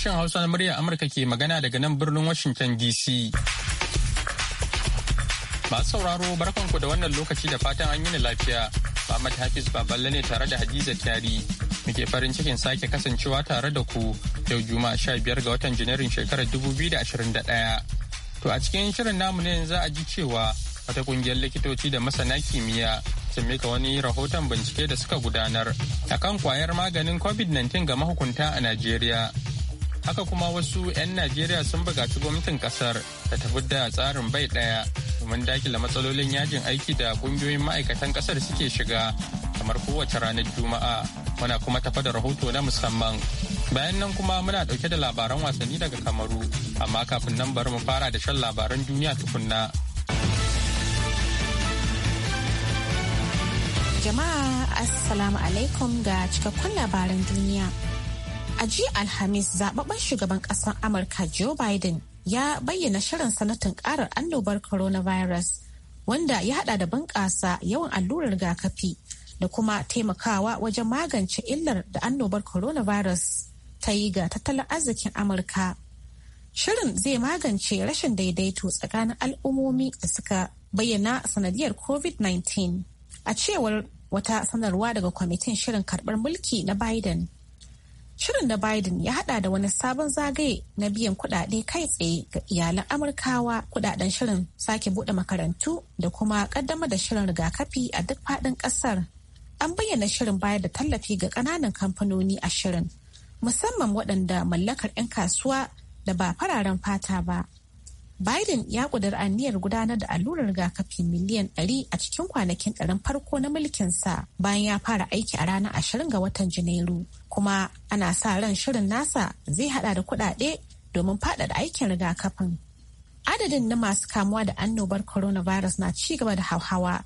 Sashen Hausa na muryar Amurka ke magana daga nan birnin Washington DC. Masu sauraro barkanku da wannan lokaci da fatan an yi lafiya. Muhammad Hafiz Baballe ne tare da Hadiza Kyari. Muke farin cikin sake kasancewa tare da ku yau Juma'a sha biyar ga watan Janairun shekarar ɗaya. To a cikin shirin namu ne za a ji cewa wata kungiyar likitoci da masana kimiyya sun mika wani rahoton bincike da suka gudanar akan kwayar maganin covid-19 ga mahukunta a najeriya haka kuma wasu 'yan najeriya sun bugaci gwamnatin kasar da tafi da tsarin bai daya domin dakila matsalolin yajin aiki da kungiyoyin ma'aikatan kasar suke shiga kamar kowace ranar juma'a muna kuma tafa da rahoto na musamman bayan nan kuma muna dauke da labaran wasanni daga kamaru amma kafin nan bari mu fara da shan labaran duniya tukunna jama'a assalamu alaikum ga cikakkun labaran duniya A jiya Alhamis zababben shugaban kasar Amurka Joe Biden ya bayyana shirin sanatin karar annobar coronavirus wanda ya hada da bunƙasa yawan allurar rigakafi da kuma taimakawa wajen magance illar da annobar coronavirus ta yi ga tattalin arzikin Amurka. Shirin zai magance rashin daidaito tsakanin al'ummomi da suka bayyana sanadiyar COVID-19. A cewar wata sanarwa daga kwamitin shirin karbar mulki na Biden. Shirin da Biden ya hada da wani sabon zagaye na biyan kudade kai tsaye ga iyalan Amurkawa kudaden shirin sake bude makarantu da kuma kaddama da shirin rigakafi a duk fadin kasar. An bayyana shirin bayar da tallafi ga kananan kamfanoni a shirin, musamman waɗanda mallakar 'yan kasuwa da ba fararen fata ba. Biden ya ƙudiri aniyar gudanar da allurar rigakafi miliyan 100 a cikin kwanakin ɗarin farko na mulkinsa bayan ya fara aiki a ranar 20 ga watan Janairu. Kuma ana sa ran shirin nasa zai hada da kuɗaɗe domin faɗaɗa aikin rigakafin. Adadin na masu kamuwa da annobar coronavirus na ci gaba da hauhawa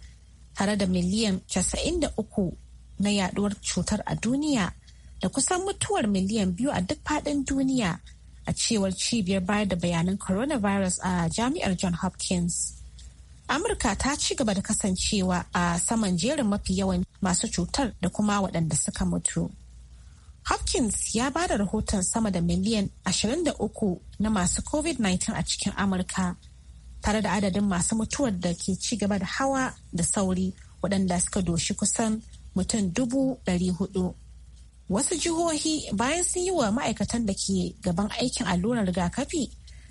tare da miliyan 93 na yaduwar cutar a duniya da kusan mutuwar miliyan biyu a duk faɗin duniya a cewar cibiyar bayar da bayanan coronavirus a jami'ar john hopkins amurka ta ci gaba da kasancewa a saman jerin mafi yawan masu cutar da kuma waɗanda suka mutu hopkins ya ba da rahoton sama da miliyan 23 na masu covid-19 a cikin amurka tare da adadin masu mutuwar da ke ci gaba da hawa da sauri waɗanda suka doshi kusan mutum dubu ɗari hudu. Wasu jihohi bayan sun yi wa ma'aikatan da ke gaban aikin allurar rigakafi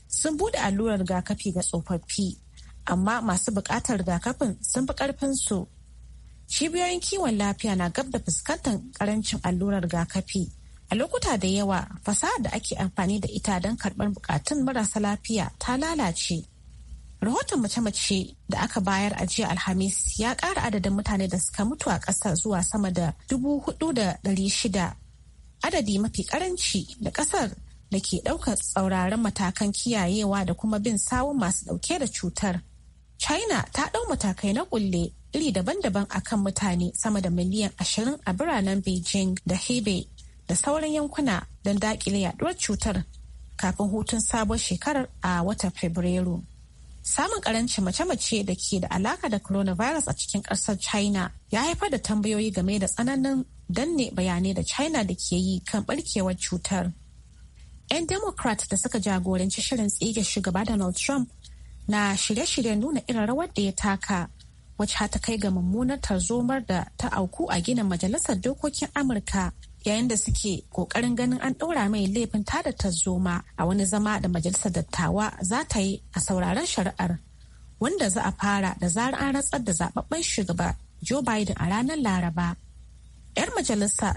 sun bude allurar rigakafi ga tsofaffi, amma masu buƙatar rigakafin sun fi karfin su. Cibiyoyin kiwon lafiya na gab da fuskantar ƙarancin allurar rigakafi. A lokuta da yawa fasahar da ake amfani da ita don karɓar buƙatun marasa lafiya ta lalace. rahoton mace-mace da aka bayar a jiya alhamis ya ƙara adadin mutane da suka mutu a ƙasa zuwa sama da dubu shida adadi mafi karanci da ƙasar da ke ɗaukar tsauraran matakan kiyayewa da kuma bin sawun masu ɗauke da cutar china ta ɗau matakai na ƙulle iri daban-daban akan mutane sama da miliyan ashirin a biranen beijing da hebei da sauran yankuna don daƙile yaduwar cutar kafin hutun sabon shekarar a watan fabrairu Samun karanci mace-mace da ke da alaka da coronavirus a cikin ƙasar China ya haifar da tambayoyi game da tsananin danne bayanai da China da ke yi kan barkewar cutar. 'Yan Democrat da suka jagoranci shirin tsige shugaba Donald Trump na shirye-shiryen nuna irin rawar da ya taka wacce ta kai ga mummunar tarzomar da ta auku a ginin Majalisar Dokokin Amurka yayin da suke kokarin ganin an ɗora mai laifin tada tarzoma a wani zama da majalisar dattawa za ta yi a sauraron shari'ar wanda za a fara da zarar an ratsar da zababben shugaba Joe Biden a ranar Laraba. 'Yar majalisa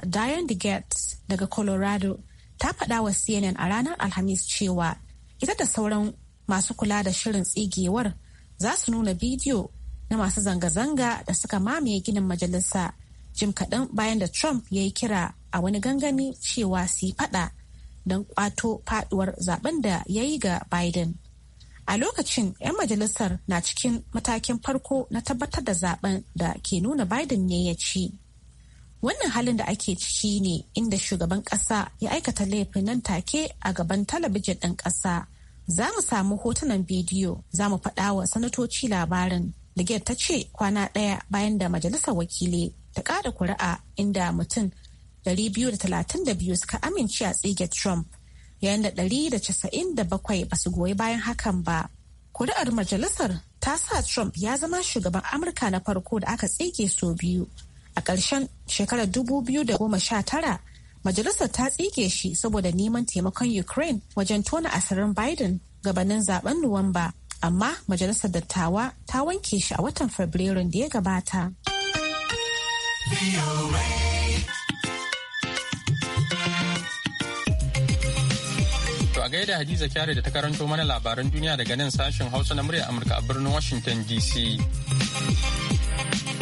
de gates daga Colorado ta faɗa wa CNN a ranar Alhamis cewa ita da sauran masu kula da shirin tsigewar za su nuna bidiyo na masu zanga-zanga da suka mamaye ginin majalisa jim kaɗan bayan da trump ya yi kira a wani gangami cewa su yi faɗa don kwato faɗuwar zaben da ya yi ga biden a lokacin 'yan majalisar na cikin matakin farko na tabbatar da zaben da ke nuna biden ne ya ci wannan halin da ake ciki ne inda shugaban ƙasa ya aikata laifin nan take a gaban talabijin ɗin ƙasa za mu samu hotunan bidiyo za mu faɗa wa sanatoci labarin ligiyar ta ce kwana ɗaya bayan da majalisar wakilai ta kada kuri'a inda mutum 232 suka amince a tsige Trump yayin da 197 ba su goyi bayan hakan ba. Kuri'ar majalisar ta sa Trump ya zama shugaban Amurka na farko da aka tsige so biyu. A ƙarshen shekarar 2019 majalisar ta tsige shi saboda neman taimakon Ukraine wajen tona asirin Biden gabanin zaben Nuwamba. Amma majalisar dattawa ta wanke shi a watan Fabrairun da ya gabata. To a gaida Hadiza kyare da ta karanto mana labaran duniya daga nan sashen Hausa na murya Amurka a birnin Washington DC.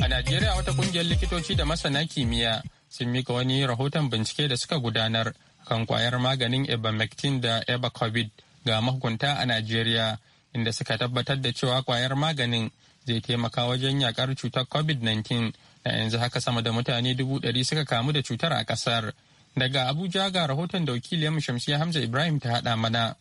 A Najeriya wata kungiyar likitoci da masana kimiyya sun mika wani rahoton bincike da suka gudanar kan kwayar maganin ivermectin da Ebacovid ga mahukunta a Najeriya inda suka tabbatar da cewa kwayar maganin zai taimaka wajen yakar cutar COVID-19 a yanzu haka sama da mutane dubu ɗari suka kamu da cutar a ƙasar daga abuja ga rahoton da wakiliyar shamsiya hamza ibrahim ta haɗa mana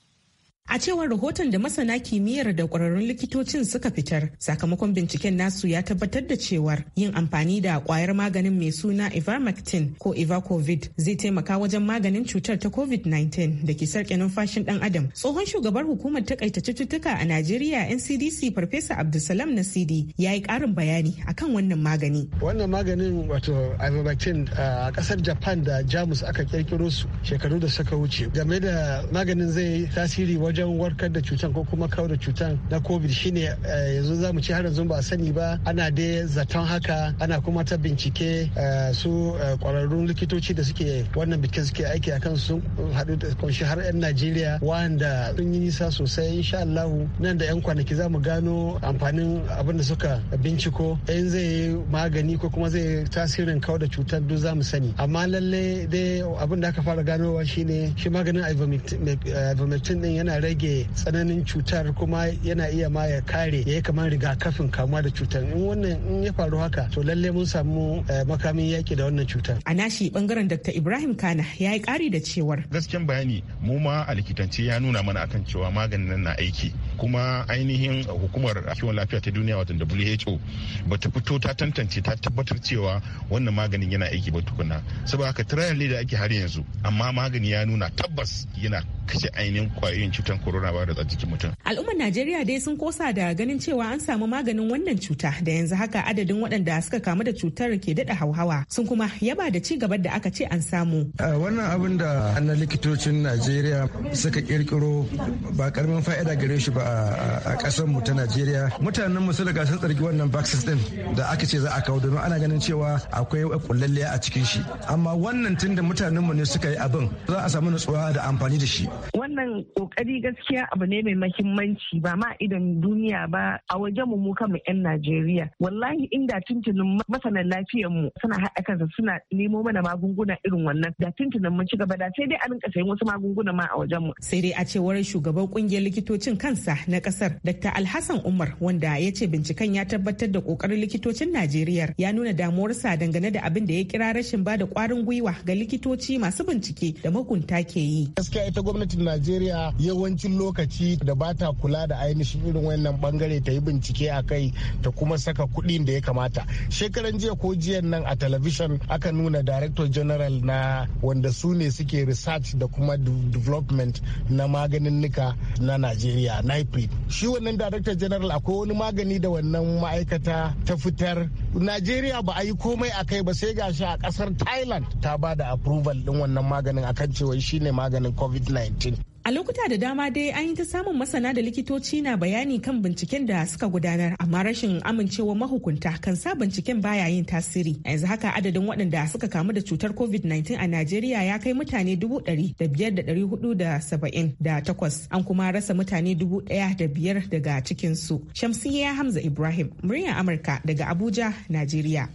A cewar rahoton da masana kimiyyar da ƙwararrun likitocin suka fitar, sakamakon binciken nasu ya tabbatar da cewar yin amfani da kwayar maganin mai suna ivermectin ko ivacovid zai taimaka wajen maganin cutar ta covid-19 da ke sarƙe numfashin ɗan adam. Tsohon shugabar hukumar takaita cututtuka a Najeriya NCDC Farfesa Abdulsalam Nasidi ya yi ƙarin bayani akan wannan magani. Wannan maganin wato ivermectin a ƙasar Japan da Jamus aka ƙirƙiro su shekaru da suka wuce game da maganin zai tasiri wajen warkar da cutan ko kuma kawar da cutan na covid shine eh, yanzu za mu ci har yanzu ba a sani ba ana dai zaton haka ana kuma ta bincike eh, su eh, kwararrun likitoci da suke wannan bikin suke aiki a kan sun haɗu da kunshi har 'yan najeriya wanda sun yi nisa sosai insha allahu nan da 'yan kwanaki za mu gano amfanin abin da suka binciko in zai yi magani ko kuma zai tasirin kawar da cutan duk za mu sani amma lallai dai abin da aka fara ganowa shine shi maganin ivermectin din yana rage tsananin cutar kuma yana iya ma ya kare ya yi kamar rigakafin kamuwa da cutar in wannan in ya faru haka to lalle mun samu eh, makamin yaki da wannan cutar a nashi bangaren dr ibrahim kana ya yi kari da cewar gasken bayani mu ma a likitance ya nuna mana akan cewa maganin nan na aiki kuma ainihin hukumar kiwon lafiya ta duniya wato WHO bata fito ta tantance ta tabbatar cewa wannan maganin yana aiki ba tukuna saboda haka trial ne da ake har yanzu amma magani ya nuna tabbas yana kashe ainihin kwayoyin cutar coronavirus a jikin mutum. Al'ummar Najeriya dai sun kosa da ganin cewa an samu maganin wannan cuta da yanzu haka adadin waɗanda suka kamu da cutar ke daɗa hauhawa sun kuma yaba da ci gaban da aka ce an samu. Wannan abin da na likitocin Najeriya suka kirkiro ba karamin fa'ida gare shi ba a kasar mu ta Najeriya mutanen mu su riga sun tsarki wannan vaccines din da aka ce za a kawo domin ana ganin cewa akwai kullalliya a cikin shi amma wannan tunda mutanen mu ne suka yi abin za a samu nutsuwa da amfani da shi wannan kokari gaskiya abu ne mai mahimmanci ba ma idan duniya ba a wajen mu mu mu yan Najeriya wallahi inda tuntunin masanan lafiyar mu suna haɗa kansa suna nemo mana magunguna irin wannan da tuntunin mu ci gaba da sai dai a rinka sai wasu magunguna ma a wajen mu sai dai a cewar shugaban kungiyar likitocin kansa na ƙasar Dr. Alhassan Umar wanda ya ce binciken ya tabbatar da kokarin likitocin Najeriya ya nuna damuwarsa dangane da abin da ya kira rashin ba da kwarin gwiwa ga likitoci masu bincike da makunta ke yi. Gaskiya ita gwamnatin Najeriya yawancin lokaci da ba ta kula da ainihin irin wannan bangare ta yi bincike a kai ta kuma saka kuɗin da ya kamata. Shekaran jiya ko jiya nan a talabishin aka nuna Director General na wanda su ne suke research da kuma development na maganin nika na Najeriya. Na typhoid shi wannan director general akwai wani magani da wannan ma'aikata ta fitar najeriya ba a yi komai a kai ba sai gashi a kasar thailand ta ba da approval din wannan maganin akan cewa shine maganin covid-19 A lokuta da dama dai an yi ta samun masana da likitoci na bayani kan binciken da suka gudanar amma rashin amincewa mahukunta kan sa binciken baya yin tasiri. A yanzu haka adadin waɗanda suka kamu da cutar COVID-19 a Najeriya ya kai mutane dubu ɗari da biyar da ɗari hudu da saba'in da takwas an kuma rasa mutane dubu ɗaya da biyar daga cikinsu. Shamsiyya Hamza Ibrahim, muryar Amurka daga Abuja, Najeriya.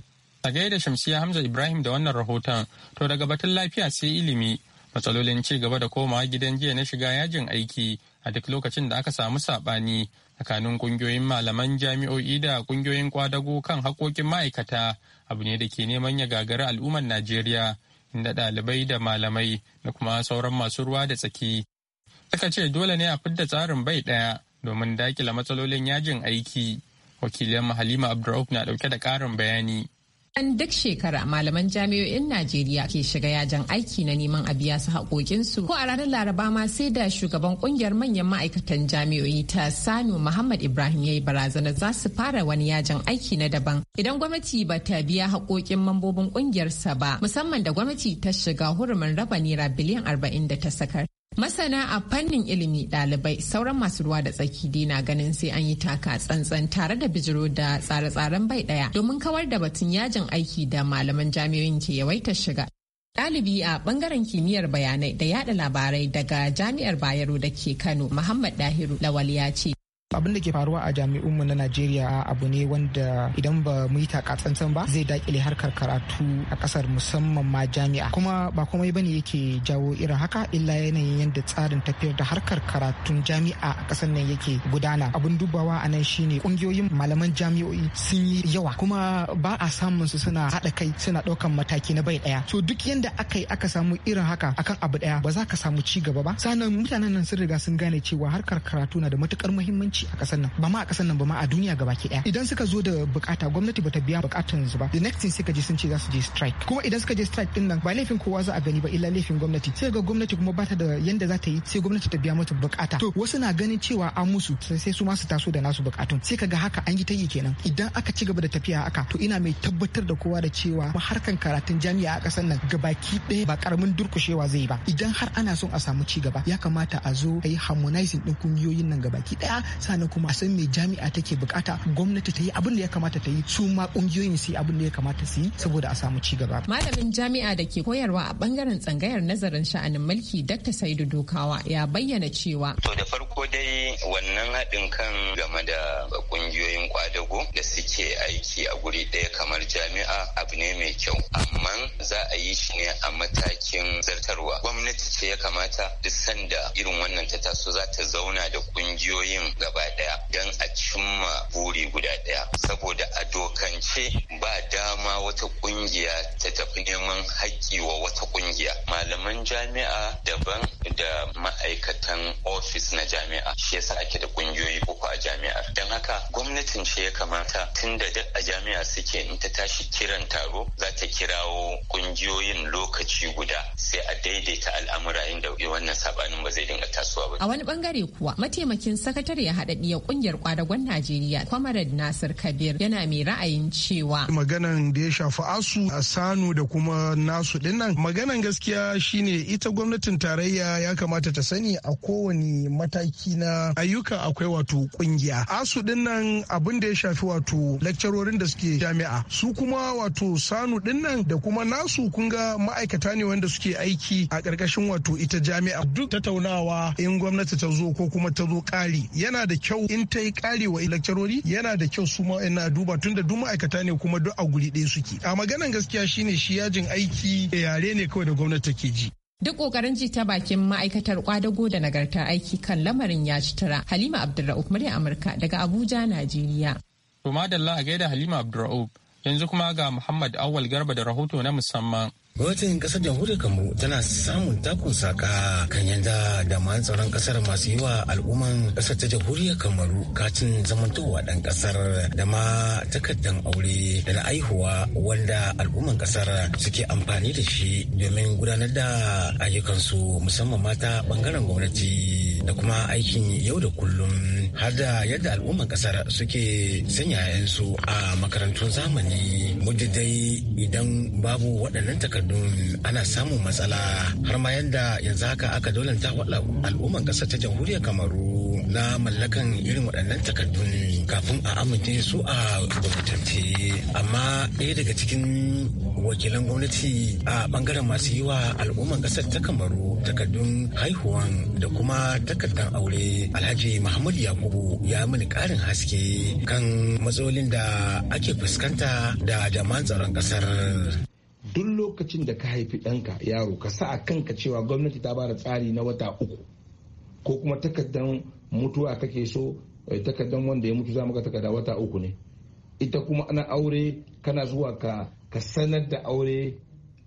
A gaida Shamsiyya Hamza Ibrahim da wannan rahoton, to daga batun lafiya sai ilimi matsalolin ci gaba da komawa gidan jiya na shiga yajin aiki a duk lokacin da aka samu saɓani tsakanin ƙungiyoyin malaman jami'o'i da ƙungiyoyin kwadago kan haƙoƙin ma'aikata abu ne da ke neman ya gagari al'ummar najeriya inda ɗalibai da malamai da kuma sauran masu ruwa da tsaki suka ce dole ne a fidda tsarin bai ɗaya domin daƙila matsalolin yajin aiki wakilin halima Abdulrahman na ɗauke da ƙarin bayani An duk shekara malaman jami'o'in Najeriya ke shiga yajin aiki na neman a biya su haƙoƙinsu ko a ranar Laraba ma sai da shugaban ƙungiyar manyan ma'aikatan jami'o'i ta Sano Muhammad Ibrahim ya yi barazana za su fara wani yajin aiki na daban idan gwamnati ba ta biya haƙoƙin mambobin ƙungiyarsa ba musamman da gwamnati ta shiga hurumin raba naira biliyan arba'in da ta sakar. Masana a fannin ilimi ɗalibai sauran masu ruwa da tsaki dai na ganin sai an yi taka tsantsan tare da bijiro da tsare-tsaren bai ɗaya domin kawar da batun yajin aiki da malaman jami'o'in ke yawaita shiga. Ɗalibi a ɓangaren kimiyyar bayanai da yada labarai daga Jami'ar Bayero da ke Kano Muhammad Dahiru Lawal ya ce abin da ke faruwa a jami'un mu na najeriya abu ne wanda idan ba mu yi takatsantsan ba zai dakile harkar karatu a kasar musamman ma jami'a kuma ba komai bane yake jawo irin haka illa yanayin yadda tsarin tafiyar da harkar karatun jami'a a kasar nan yake gudana abun dubawa a nan shine kungiyoyin malaman jami'o'i sun yi yawa kuma ba a samun su suna haɗa kai suna ɗaukan mataki na bai ɗaya to duk yanda aka yi aka samu irin haka akan abu ɗaya ba za ka samu ci gaba ba sannan mutanen nan sun riga sun gane cewa harkar karatu na da matukar muhimmanci talauci a kasar nan ba ma a kasar nan ba ma a duniya gabaki daya idan suka zo da bukata gwamnati ba ta biya bukatun su ba the next thing suka je sun ce za su je strike kuma idan suka je strike din nan ba laifin kowa za a gani ba illa laifin gwamnati sai ga gwamnati kuma ba ta da yanda za ta yi sai gwamnati ta biya mata bukata to wasu na ganin cewa an musu sai su ma su taso da nasu bukatun sai kaga haka an yi ta yi kenan idan aka ci gaba da tafiya haka to ina mai tabbatar da kowa da cewa harkan karatun jami'a a kasar nan gabaki daya ba karamin durkushewa zai ba idan har ana son a samu ci gaba ya kamata a zo a yi harmonizing din kungiyoyin nan gabaki daya mutane kuma a san me jami'a take bukata gwamnati ta yi abin da ya kamata ta yi su ma kungiyoyin su yi abin da ya kamata su yi saboda a samu ci gaba malamin jami'a da ke koyarwa a bangaren tsangayar nazarin sha'anin mulki Dr. Saidu Dokawa ya bayyana cewa to da farko dai wannan haɗin kan game da kungiyoyin kwadago da suke aiki a guri ɗaya kamar jami'a abu ne mai kyau amma za a yi shi ne a matakin zartarwa gwamnati ce ya kamata duk sanda irin wannan ta taso za ta zauna da kungiyoyin gaba gaba daya don a cimma buri guda daya saboda a dokance ba dama wata kungiya ta tafi neman haƙƙi wa wata kungiya malaman jami'a daban da ma'aikatan ofis na jami'a shi yasa ake da kungiyoyi uku a jami'ar don haka gwamnatin ce ya kamata tun da duk a jami'a suke in ta tashi kiran taro za ta kirawo kungiyoyin lokaci guda sai a daidaita al'amura inda wannan sabanin ba zai dinga tasowa ba a wani bangare kuwa mataimakin sakatare ya haɗaɗɗiyar ƙungiyar kwadagon Najeriya Kwamarad Nasir Kabir yana mai ra'ayin cewa. Maganan da ya shafi asu a sanu da kuma nasu dinnan maganan gaskiya shine ita gwamnatin tarayya ya kamata ta sani a kowane mataki na ayyuka akwai wato kungiya. Asu dinnan abin da ya shafi wato lakcarorin da suke jami'a su kuma wato sanu dinnan da kuma nasu kun ga ma'aikata ne wanda suke aiki a ƙarƙashin wato ita jami'a duk tattaunawa in gwamnati ta zo ko kuma ta zo ƙari yana da kyau in ta yi karewa lakcarori yana da kyau su ma ina duba tunda duk ma'aikata ne kuma duk a guri ɗaya suke a maganan gaskiya shine shi yajin aiki da yare ne kawai da gwamnati ke ji Duk ƙoƙarin ji ta bakin ma'aikatar ƙwadago da nagartar aiki kan lamarin ya ci tara. Halima Abdulra'uf murya Amurka daga Abuja, Najeriya. To madalla a gaida Halima Abdulra'uf yanzu kuma ga Muhammad Awal Garba da rahoto na musamman. gwamnatin kasar jamhuriyar kamu tana samun takun saƙa. kan yadda ma'an tsaron kasar masu yi wa al'umman kasar ta jamhuriyar kamaru katin zamantowa dan kasar da ma takardan aure da na aihuwa wanda al'umman ƙasar suke amfani da shi domin gudanar da ayyukansu musamman mata bangaren gwamnati da kuma aikin yau da kullum har da yadda al'umman ƙasar suke sanya 'ya'yansu a makarantun zamani muddai dai idan babu waɗannan takardu don ana samun matsala har ma yadda yanzu haka aka dolanta al'umman ƙasar ta jamhuriyar kamaru na mallakan irin waɗannan takardun kafin a amince su a gwamnatance amma ɗaya daga cikin wakilan gwamnati a bangaren masu yi wa al'umman kasar ta kamaru takardun haihuwan da kuma takardar aure alhaji muhammad yakubu ya mini karin haske kan matsalolin da ake fuskanta da jaman tsaron kasar duk lokacin da ka haifi ɗanka yaro ka sa a kanka cewa gwamnati ta bada tsari na wata uku ko kuma takardar mutuwa kake so eh, takardar wanda ya mutu za maka takarda wata uku ne ita kuma ana aure kana zuwa ka sanar da aure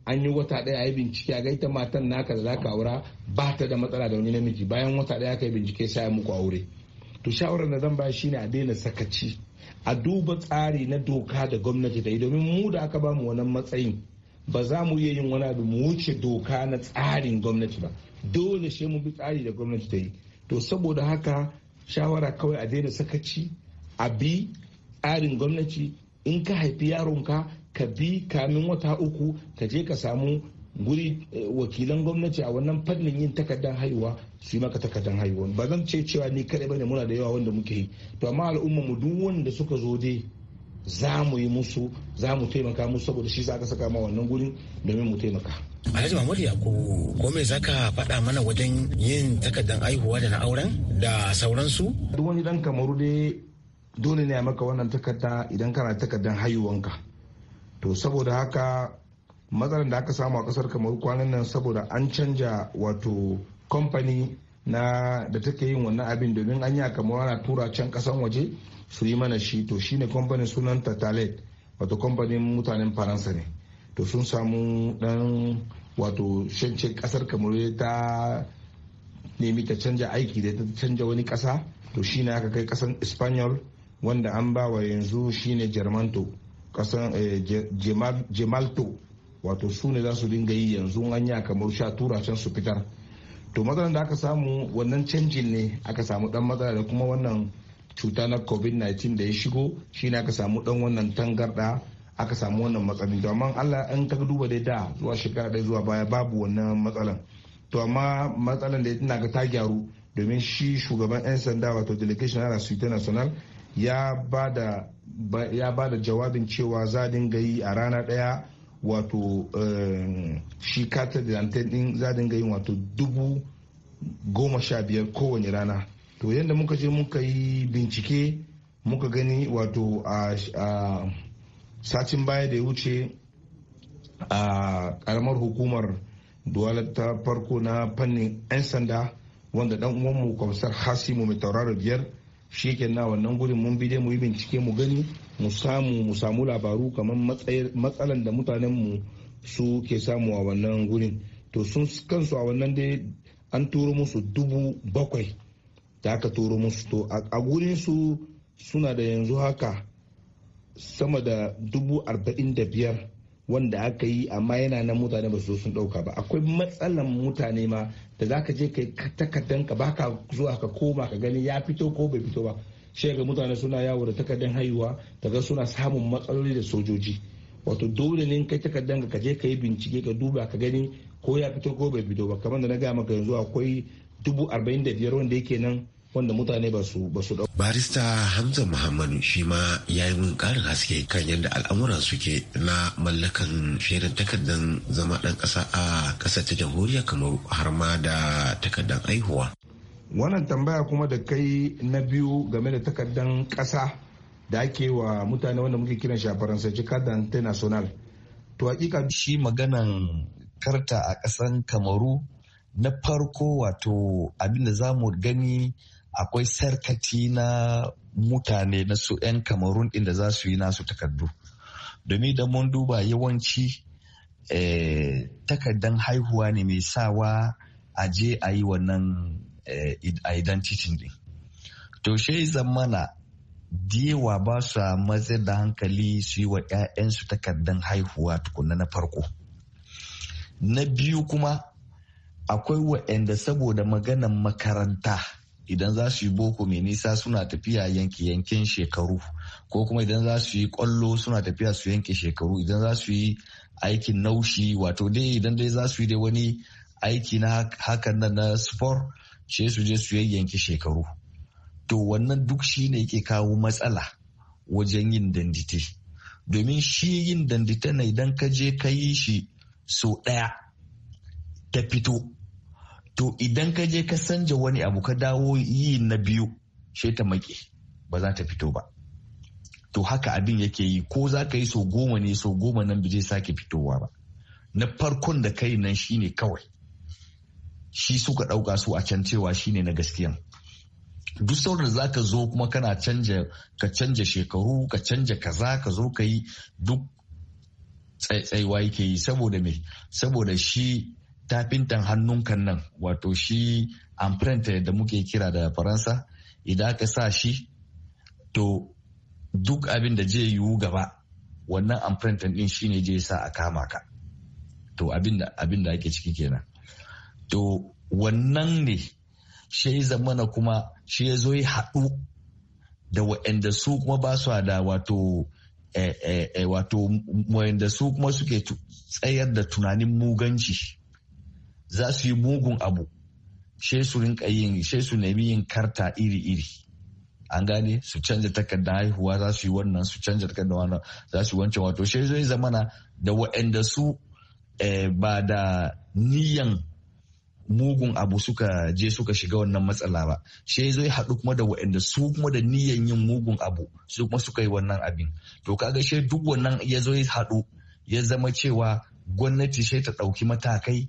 an yi wata ɗaya yi bincike ga ita matan naka da zaka aura ba ta da matsala da wani namiji bayan wata ɗaya ka yi bincike sai muku aure to shawarar da zan ba shine a daina sakaci a duba tsari na doka da gwamnati ta yi domin mu da aka bamu wannan matsayin ba za mu iya yin wani abu mu wuce doka na tsarin gwamnati ba dole shi mu bi tsari da gwamnati ta yi to saboda haka shawara kawai a daina sakaci a bi tsarin gwamnati in ka haifi yaronka ka bi kamin wata uku ka je ka samu guri eh, wakilan gwamnati a wannan fannin yin takardar haihuwa su yi maka takardar haihuwa ba zan ce cewa ni kadai ne muna da yawa wanda muke yi to amma al'umma mu duk wanda suka zo dai za mu yi musu za mu taimaka musu saboda shi za ka saka ma wannan gurin domin mu taimaka. Alhaji Mahmud Yakubu ko me zaka faɗa mana wajen yin takardar aihuwa da na auren da sauransu? Duk wani dan kamaru dai dole ne a maka wannan takarda idan kana takardar haihuwanka. To saboda haka matsalar da aka samu a kasar kamaru kwanan nan saboda an canja wato kamfani na da take yin wannan abin domin an yi kamar ana tura can kasan waje su yi mana shi to shine kamfanin sunan tatalet wato kamfanin mutanen faransa ne to sun samu dan wato shance kasar kamar ta nemi ta canja aiki da ta canja wani kasa to shine aka kai kasan espanyol wanda an ba wa yanzu shine germanto kasan eh, jemalto wato su ne za su dinga yi yanzu an yi kamar sha tura can su fitar to matsalar da aka samu wannan canjin ne aka samu dan matsala da kuma wannan cuta na covid-19 da ya shigo shine aka samu dan wannan tangarda aka samu wannan matsalin to amma Allah in ka duba dai da zuwa shekara ɗaya zuwa baya babu wannan matsalan to amma matsalan da ina ga ta gyaru domin shi shugaban 'yan sanda wato delegation na suite national ya ba da jawabin cewa za dinga yi a rana ɗaya wato eh, shi katar da din za dinga yin wato dubu goma sha biyar kowane rana to yadda muka je muka yi bincike muka gani wato a sacin baya da ya wuce a karamar hukumar duwala ta farko na fannin 'yan sanda wanda dan uwanmu kwamsar hasimu mai tauraro biyar shi ke na wannan gurin mun bide mu yi bincike mu gani mu samu mu samu labaru kamar matsalan da mutanen mu su ke samu a wannan gurin to sun kansu a wannan dai an turo musu dubu bakwai da aka turo musu to a gurin su suna da yanzu haka sama da dubu arba'in da biyar wanda aka yi amma yana nan mutane ba su sun dauka ba akwai matsalan mutane ma da za ka je kai takardan ka baka zuwa ka koma ka gani ya fito ko bai fito ba shi ga mutane suna yawo da takardun haihuwa daga suna samun matsaloli da sojoji wato dole ne kai takardun ka je ka yi bincike ka duba ka gani ko ya fito ko bai fito ba kamar da na gaya maka yanzu akwai dubu arba'in da biyar wanda yake nan wanda mutane ba su ba su barista hamza muhammadu shi ma ya yi min karin haske kan yadda al'amura suke na mallakan shirin takardun zama dan kasa a kasar ta jamhuriyar kamaru har ma da takardun aihuwa wannan tambaya kuma da kai na biyu game da takardan ƙasa da ake wa mutane wanda muke kiran shi a faransanci carte international to hakika shi maganan karta a ƙasan kamaru na farko wato abinda za mu gani akwai sarkaci na mutane na su 'yan kamarun inda za su yi nasu takardu domin da mun duba yawanci eh, takardan haihuwa ne mai sawa a je a yi wannan Eh, identity din to shi zamana diwa ba su matsi da hankali su yi wa 'ya'yansu takardan haihuwa tukuna na farko na biyu kuma akwai waɗanda saboda maganan makaranta idan za su yi boko mai nisa suna tafiya yanke yanken shekaru ko kuma idan za su yi kwallo suna tafiya su yanke shekaru idan za su yi aikin naushi wato dai idan dai za su yi dai wani aiki na hakan na sport sai su je su yayyanki shekaru to wannan duk shi ne yake kawo matsala wajen yin dandite domin shi yin dandite na idan ka je ka yi shi sau ɗaya ta fito to idan ka je ka sanja wani abu ka dawo yi na biyu shi ta make ba za ta fito ba to haka abin yake yi ko za ka yi sau goma ne sau goma nan bai sake fitowa ba na farkon da kai nan shine kawai shi suka ɗauka su a can cewa shi ne na gaskiya. duk saurin da zaka zo kuma kana canja ka canja shekaru ka canja kaza ka zo ka yi duk tsaitsaiwa yake yi saboda me saboda shi tafintan hannunkan nan wato shi amprenta da muke kira da faransa idan aka sa shi to duk abin da zai yiwu gaba wannan amprenta din shine je sa a kama ka to abin da ake ciki kenan to wannan ne shi ya zamana kuma shi ya zo ya haɗu da wa'anda su kuma ba su da wato eh, eh, eh, wato wa'anda su kuma suke tsayar da tunanin muganci za su yi mugun abu she su rinka yin she su nemi yin karta iri-iri an gane su canza takardar haihuwa za su yi wannan su canza takardar wannan za su yi wancan wato she zai zamana da wa'anda su ba da niyan mugun abu suka je suka shiga wannan matsala ba shi zai haɗu kuma da waɗanda su kuma da niyan yin mugun abu su kuma suka yi wannan abin to kaga shi duk wannan ya zo ya haɗu ya zama cewa gwamnati sai ta ɗauki matakai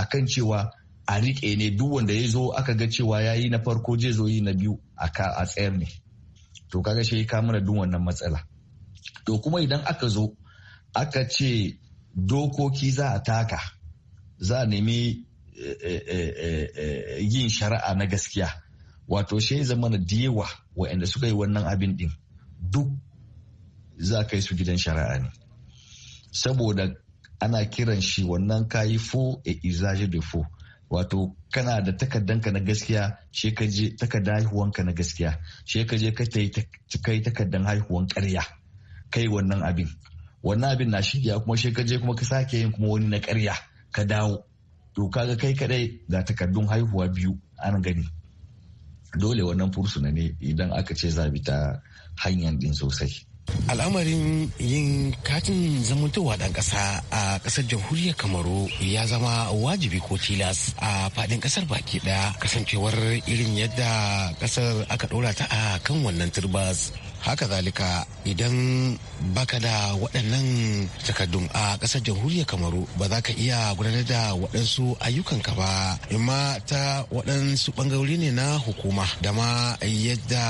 akan cewa a riƙe ne duk wanda ya zo aka ga cewa ya yi na farko zai zo yi na biyu a tsayar ne to kaga shi ka mana duk wannan matsala to kuma idan aka zo aka ce dokoki za a taka za a nemi yin shari'a na gaskiya wato shi zama na yawa waɗanda suka yi wannan abin din duk za kai su gidan shari'a ne saboda ana kiran shi wannan kayi fo e izaje de fo wato kana da takardanka na gaskiya shi ka je takardar haihuwanka na gaskiya shi ka je ka kai takardan haihuwan karya kai wannan abin wannan abin na shirya kuma shi ka je kuma ka sake yin kuma wani na karya ka dawo to kaga kai kadai ga takardun haihuwa biyu an gani dole wannan fursuna ne idan aka ce zabi ta hanyar din sosai al'amarin yin katin zamantowa ɗan ƙasa a ƙasar jamhuriyar kamaru ya zama wajibi ko tilas a faɗin ƙasar baki ɗaya kasancewar irin yadda ƙasar aka dora ta a kan wannan turbas haka zalika idan baka da waɗannan takardun a ƙasar jamhuriyar kamaru ba za ka iya gudanar da waɗansu ayyukan ka ba imma ta waɗansu ɓangarori ne na hukuma da ma yadda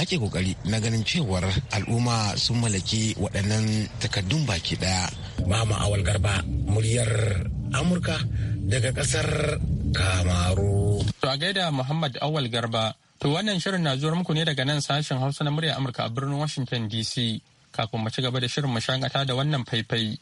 ake ƙoƙari na ganin cewar al'umma sun mallaki waɗannan takardun baki ɗaya mama awal garba muryar amurka daga ƙasar kamaru to a gaida muhammad awal garba To wannan shirin na zuwa muku ne daga nan sashen Hausa na murya Amurka a birnin Washington DC kafin mu ci gaba da shirin mu shakata da wannan faifai.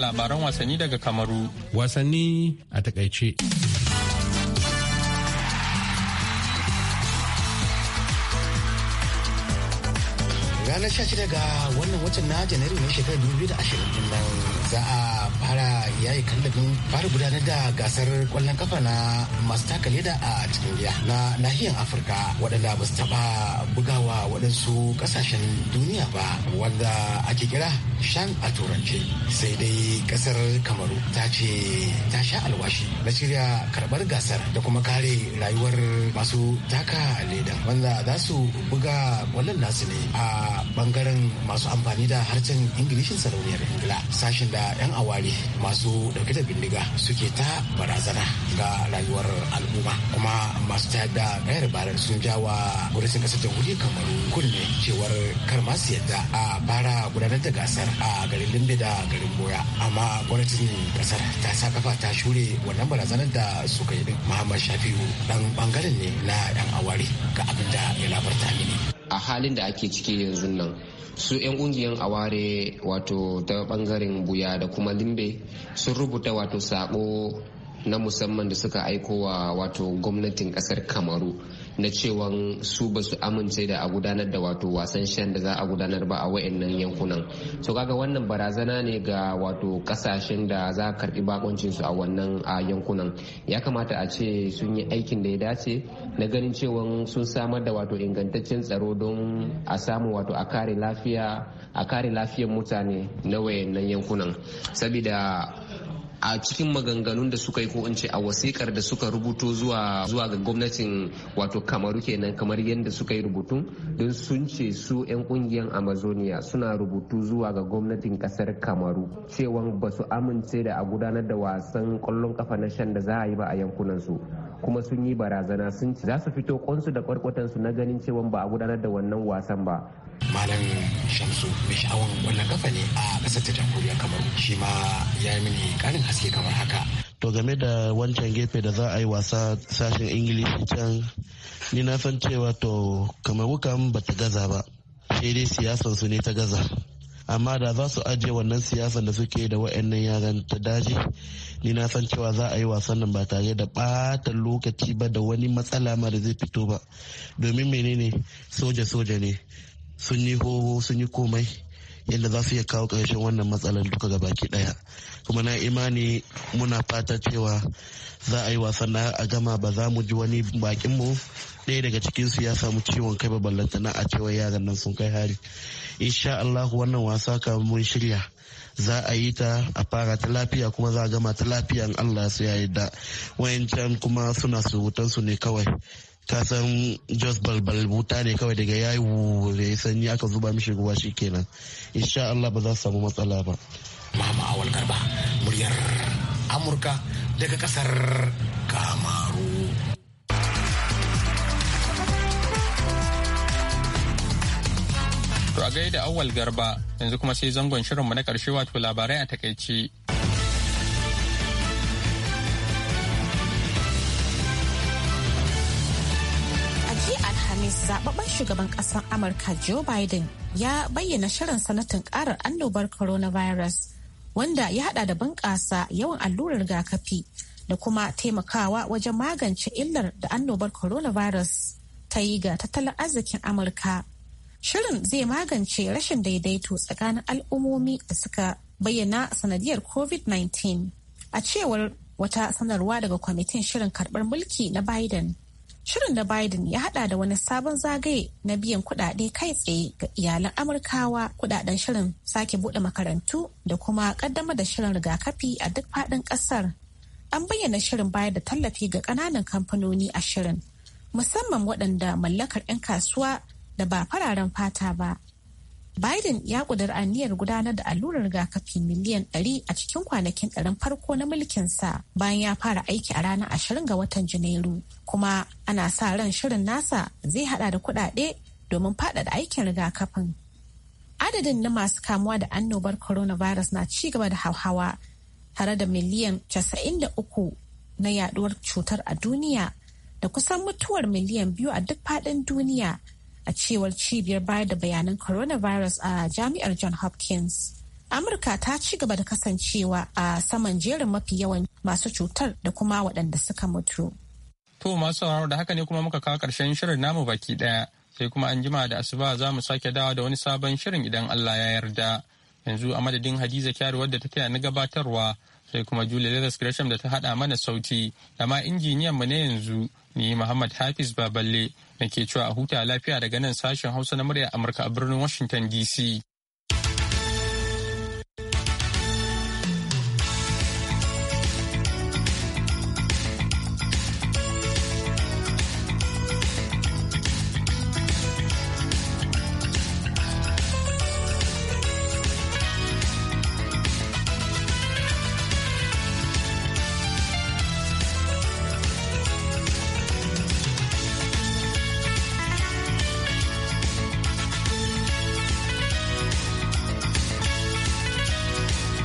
labaran wasanni daga Kamaru. Wasanni a takaice. ranar 16 ga wannan watan na janairu na shekarar 2020 za a fara yayi kallabin fara gudanar da gasar kwallon kafa na masu taka leda a cikin gida na nahiyar afirka waɗanda ba su taɓa bugawa waɗansu ƙasashen duniya ba wanda ake kira shan a turance sai dai ƙasar kamaru ta ce ta sha alwashi na shirya karɓar gasar da kuma kare rayuwar masu taka leda wanda za su buga kwallon nasu ne a bangaren masu amfani da harshen ingilishin sarauniyar ingila sashen da 'yan awari masu dauke da bindiga suke ta barazana ga rayuwar al'umma kuma masu tayar da kayar barar sun jawa gwamnatin kasar jamhuriyar kamaru kunne cewar kar masu yadda a fara gudanar da gasar a garin limbe da garin boya amma gwamnatin kasar ta sa kafa ta shure wannan barazanar da suka yi muhammad shafiu dan bangaren ne na yan awari ga abin da ya labarta mini a halin da ake ciki yanzu nan su 'yan kungiyan aware wato ta bangaren buya da kuma limbe sun rubuta wato sako na musamman da suka aiko wa wato gwamnatin kasar kamaru na cewa su ba su amince da a gudanar da wato wasan shan da za a gudanar ba a wa'annan yankunan so kaga wannan barazana ne ga wato kasashen da za a karbi bakoncin su a wannan a yankunan ya kamata a ce sun yi aikin da ya dace na ganin cewa sun samar da wato ingantaccen tsaro don a samu wato a kare lafiya a kare lafiyar mutane na wayannan yankunan sabida a cikin maganganun da suka yi ko in ce a wasikar da suka rubuto zuwa zuwa ga gwamnatin wato kamaru kenan kamar yadda suka yi rubutu don sun ce su 'yan kungiyar amazonia suna rubutu zuwa ga gwamnatin kasar kamaru cewa ba su amince da a gudanar da wasan kwallon kafa na shan da za a yi ba a yankunan su kuma sun yi barazana sun ce za su fito kwansu da kwarkwatansu na ganin cewa ba a gudanar da wannan wasan ba malam shamsu mai sha'awan kwallon kafa ne a kasar ta jamhuriyar kamaru shi ma ya yi mini karin haske kamar haka to game da wancan gefe da za a yi wasa sashen ingilishi can ni na san cewa to kamaru wukan ba ta gaza ba sai dai siyasan su ne ta gaza amma da za su ajiye wannan siyasan da suke da wa'annan yaran ta daji ni na san cewa za a yi wasan nan ba tare da ɓata lokaci ba da wani matsala ma da zai fito ba domin menene soja soja ne sun yi hoho sun yi komai yadda za su iya kawo ƙarshen wannan matsalar duka baki ɗaya kuma na imani muna fata cewa za a yi wasan na a gama ba za mu ji wani bakin mu ɗaya daga cikin su ya samu ciwon kai ballanta na a cewa yaran nan sun kai hari insha Allah wannan wasa ka mun shirya za a yi ta a fara ta lafiya kuma za a gama ta lafiya in Allah su ya yarda wayancan kuma suna surutan su ne kawai ka san jos balbal buta ne kawai daga yayi da ya sanyi aka zuba mishi ruwa kenan insha Allah ba za su samu matsala ba mama awal garba muryar amurka daga kasar kamaru to a gaida awal garba yanzu kuma sai zangon shirinmu na karshe wato labarai a takaici zababben shugaban ƙasar Amurka Joe Biden ya bayyana shirin sanatin ƙarar annobar coronavirus wanda ya hada da bunƙasa yawan allurar rigakafi da kuma taimakawa wajen magance illar da annobar coronavirus ta yi ga tattalin arzikin Amurka. Shirin zai magance rashin daidaito tsakanin al'ummomi da suka bayyana sanadiyar COVID-19. A cewar wata sanarwa daga kwamitin shirin karɓar mulki na Biden. Shirin da Biden ya hada da wani sabon zagaye na biyan kudade kai tsaye ga iyalan Amurkawa kudaden shirin sake bude makarantu da kuma kaddamar da shirin rigakafi a duk fadin kasar. An bayyana shirin bayar da tallafi ga kananan kamfanoni a shirin, musamman waɗanda mallakar 'yan kasuwa da ba fararen fata ba Biden ya ƙudiri aniyar gudanar da allurar rigakafi miliyan 100 a cikin kwanakin ɗarin farko na mulkinsa bayan ya fara aiki a ranar 20 ga watan Janairu. Kuma ana sa ran shirin nasa zai hada da kuɗaɗe domin faɗaɗa aikin rigakafin. Adadin na masu kamuwa da annobar coronavirus na ci gaba da hauhawa tare da miliyan 93 na yaduwar cutar a duniya da kusan mutuwar miliyan biyu a duk faɗin duniya a cewar cibiyar bayar da bayanan coronavirus a jami'ar john hopkins amurka ta ci gaba da kasancewa a saman jerin mafi yawan masu cutar da kuma waɗanda suka mutu to masu sauraro da haka ne kuma muka kawo ƙarshen shirin namu baki ɗaya sai kuma an jima da asuba za mu sake dawa da wani sabon shirin idan allah ya yarda yanzu a madadin hadiza kyaru wadda ta taya na gabatarwa sai kuma julia Lagos Gresham da ta haɗa mana sauti da ma injiniyan mu na yanzu ni Muhammad Hafiz Baballe nake ke cewa a huta lafiya daga nan sashen Hausa na murya Amurka a birnin Washington DC.